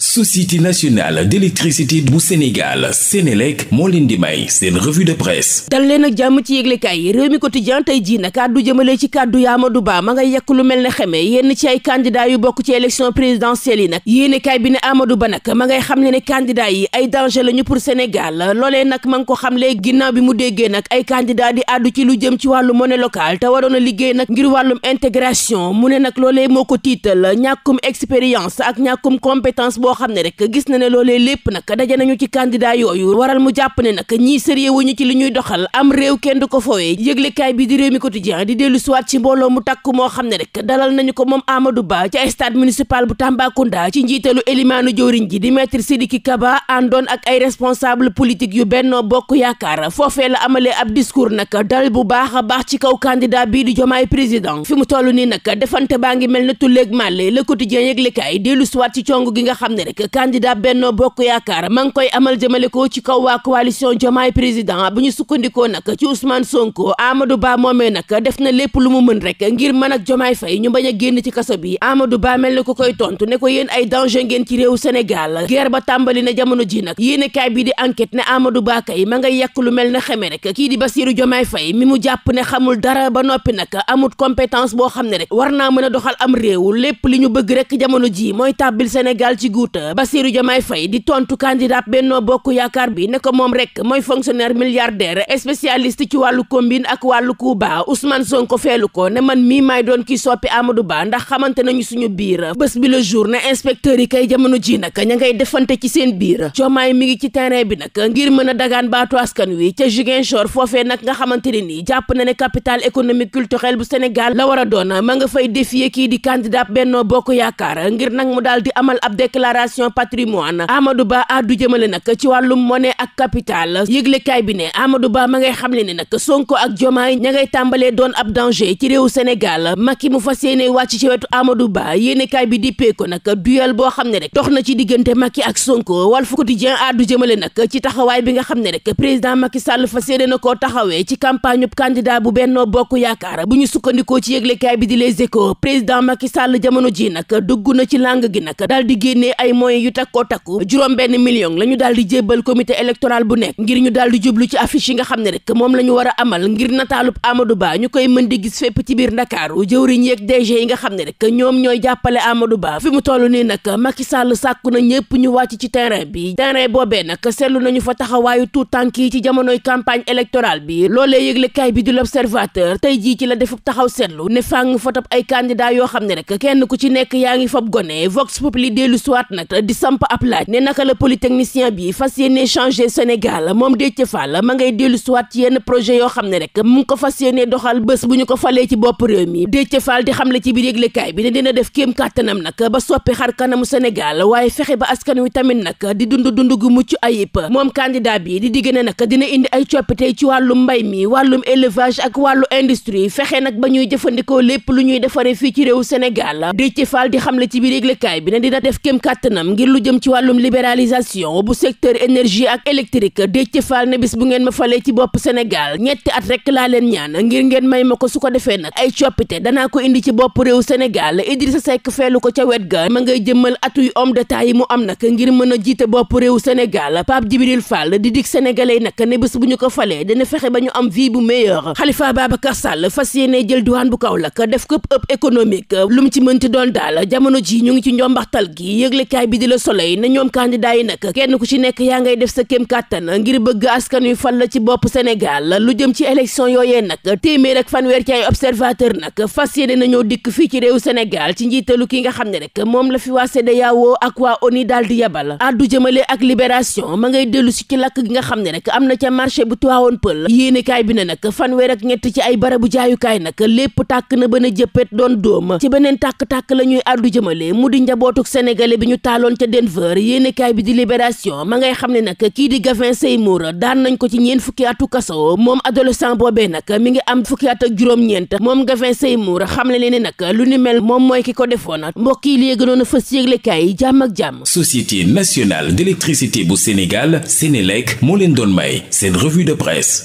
société nationale d'électricité bu Sénégal Sénélec moo leen di may seen revue de presse dal leen ak jàmm ci yëglekaay yi réew mi quotidien tey jii na kàddu jëmale ci kàddu ya Amadou Ba ma nga yekk lu mel ne xeme yenn ci ay candidat yu bokk ci élection présidentielle yi nag yéenekaay bi ne Amadou Ba nag ma ngay xam ne ne candidat yi ay danger lañu pour Sénégal loolee nag ma nga ko xam lee ginnaaw bi mu déggee nag ay candidat di àddu ci lu jëm ci wàllu monnaie locale te waroon a liggéey nag ngir wàllum intégration mu ne nag loolee moo ko tiital ñàkkum boo xam ne rek gis na ne loolee lépp nag daje nañu ci candidat yooyu waral mu jàpp ne nag ñii sérieux wuñu ci li ñuy doxal am réew kenn du ko foowee yëglekaay bi di réew mi quotidien di dellu siwaat ci mbooloo mu takk moo xam ne rek dalal nañu ko moom Amadou Ba ci stade municipal bu Tambacounda ci njiitalu élimaanu jëwriñ ji di maître Sidiki Kaba àndoon ak ay responsable politique yu Benno Bokk Yaakaar foofee la amalee ab discours nag dal bu baax a baax ci kaw candidat bii di Jomaay président fi mu toll nii nag defante baa ngi mel na tulleeg màlle le quotidien yëglekaay dellu siwaat ci cong gi nga xam ne rek candidat Benno Bokk Yaakaar ma ngi koy amal jëmale ko ci kaw waa coalition Diomaye président bu ñu sukkandikoo nag ci Ousmane Sonko Amadou Ba moomee nag def na lépp lu mu mën rek ngir mën ak Diomaye fay ñu bañ a génn ci kaso bi amadu baa mel ni ko koy tontu ne ko yéen ay danger ngeen ci réew Sénégal guerre ba tàmbali na jamono ji nag yéen kaay bi di enquête ne Amadou Ba kay ma ngay yekk lu mel ne xeme rek kii di Bassirou Diomaye fay mi mu jàpp ne xamul dara ba noppi nag amut compétence boo xam ne rek war naa mën a doxal am réew lépp li ñu bëgg rek jamono ji mooy tàbbil Sénégal guuta Bassirou Diomaye Faye di tontu candidat Benno Bokk Yaakaar bi ne ko moom rek mooy fonctionnaire milliardaire spécialiste ci wàllu combine ak wàllu kuuba Ousmane Sonko feelu ko ne man mii maay doon kii soppi Amadou Ba ndax xamante nañu suñu biir bés bi le jour ne inspecteur yi kay jamono ji nag ña ngay defante ci seen biir Diomaye mi ngi ci terrain bi nag ngir mën a dagaan baatu askan wi ca Ziguinchor foofee nag nga xamante ne nii jàpp na ne capitale économique culturelle bu Sénégal la war a doon ma nga fay défier kii di candidat Benno Bokk Yaakaar ngir nag mu daal di amal déclaration patrimoine Amadou Ba addu jëmale nag ci wàllum monnaie ak capital yëglekaay bi ne Amadou Ba ma ngay xamle ne nag Sonko ak Jomaay ña ngay tàmbalee doon ab danger ci réew Sénégal Macky mu fa yéene wàcc ci wetu Amadou Ba yéenekaay bi dippee ko nag duel boo xam ne rek dox na ci diggante Macky ak Sonko Walf Quotidien addu jëmale nag ci taxawaay bi nga xam ne rek président Macky Sall fa yéene na koo taxawee ci campagne ub bu Benno Bokk Yaakaar bu ñu sukkandikoo ci yëglekaay bi di Les président Macky Sall jamono ji nag dugg na ci langue gi nag ay moyens yu takkoo takku juróom benn million la ñu daal di jébbal comité électoral bu nekk ngir ñu daal di jublu ci affiche yi nga xam ne rek moom la ñu war a amal ngir nataalub Amadou Ba ñu koy mën di gis fépp ci biir Ndakaaru jëwriñ yeeg DG yi nga xam ne rek ñoom ñooy jàppale Amadou Ba fi mu toll nii nag Macky Sall sàkku na ñëpp ñu wàcc ci terrain bi terrain boobee nag seetlu nañu fa taxawaayu tout tànk yi ci jamonoy campagne électorale bi loolee yëglekaay bi di l'Observateur tey jii ci la defub taxaw seetlu ne fàng fa tab ay yoo xam ne rek kenn ku ci nekk yaa ngi fab gone nag di samp ab laaj ne naka la polytechnicien bi fas yéene changer Sénégal moom Déthié Fall ma ngay dellu siwaat ci yenn projet yoo xam ne rek mu ngi ko fas yéene doxal bés bu ñu ko falee ci bopp réew mi Déthié Fall di xamle ci biir yëglekaay bi ne dina def kéem kàttanam nag ba soppi xar kanamu Sénégal waaye fexe ba askan wi tamit nag di dund dund gu mucc ayib moom candidat bi di digg ne nag dina indi ay coppite ci wàllum mbay mi wàllum élevage ak wàllu industrie fexe nag ba ñuy jëfandikoo lépp lu ñuy defaree fii ci réew Sénégal Déthié Fall di xamle ci biir yëglekaay bi ne dina def kéem kàttanam ngir lu jëm ci wàllum libéralisation bu secteur énergie ak électrique Déthié Fall ne bis bu ngeen ma falee ci bopp Sénégal ñetti at rek laa leen ñaan ngir ngeen may ma ko su ko defee nag ay coppite danaa ko indi ci bopp réew Sénégal Idrissa Seck feelu ko ca wet ga ma ngay jëmmal atuy homme d'État yi mu am nag ngir mën a jiite bopp réew Sénégal Pape Djibril Fall di dig sénégalais nag ne bis bu ñu ko falee dina fexe ba ñu am vie bu meilleure Khalifa Babacar Sall fas yéene jël diwaan bu Kaolack def ko ëpp économique lu mu ci mënti doon daal jamono ji ñu ngi ci njombaxtal gi yëgle kaay bi di la soleil na ñoom candidat yi nag kenn ku ci nekk yaa ngay def sa kéem kàttan ngir bëgg askan wi fal la ci bopp Sénégal lu jëm ci élection yooyee nag téeméer ak fanweer ci ay observateur nag fas yéene nañoo dikk fii ci réew Sénégal ci njiitalu ki nga xam ne rek moom la fi waa CEDEAO ak waa ONU daal di yabal addu jëmale ak libération ma ngay dellu si ci lakk gi nga xam ne rek am na ca marché bu tuwaawoon pël yéenekaay bi ne nag fanweer ak ñett ci ay barabu jaayukaay nag lépp tàkk na bën a jëppet doon dóom ci beneen tàkk-tàkk la ñuy addu jëmale mu di njabootuk sénégalais bi taaloon ca Denver yéenekaay bi di libération ma ngay xam ne nag kii di Gavin a daan nañ ko ci ñeen fukki atu kaso moom adolescent boobee nag mi ngi am fukki at ak juróom-ñeent moom Gavin a xam ne leen nag lu ni mel moom mooy ki ko defoon mbokk yi léegi noonu fës yéglekaay yi jàmm ak jàmm. Société nationale d'électricité bu Sénégal Sénélec moo leen doon may seen revue de presse.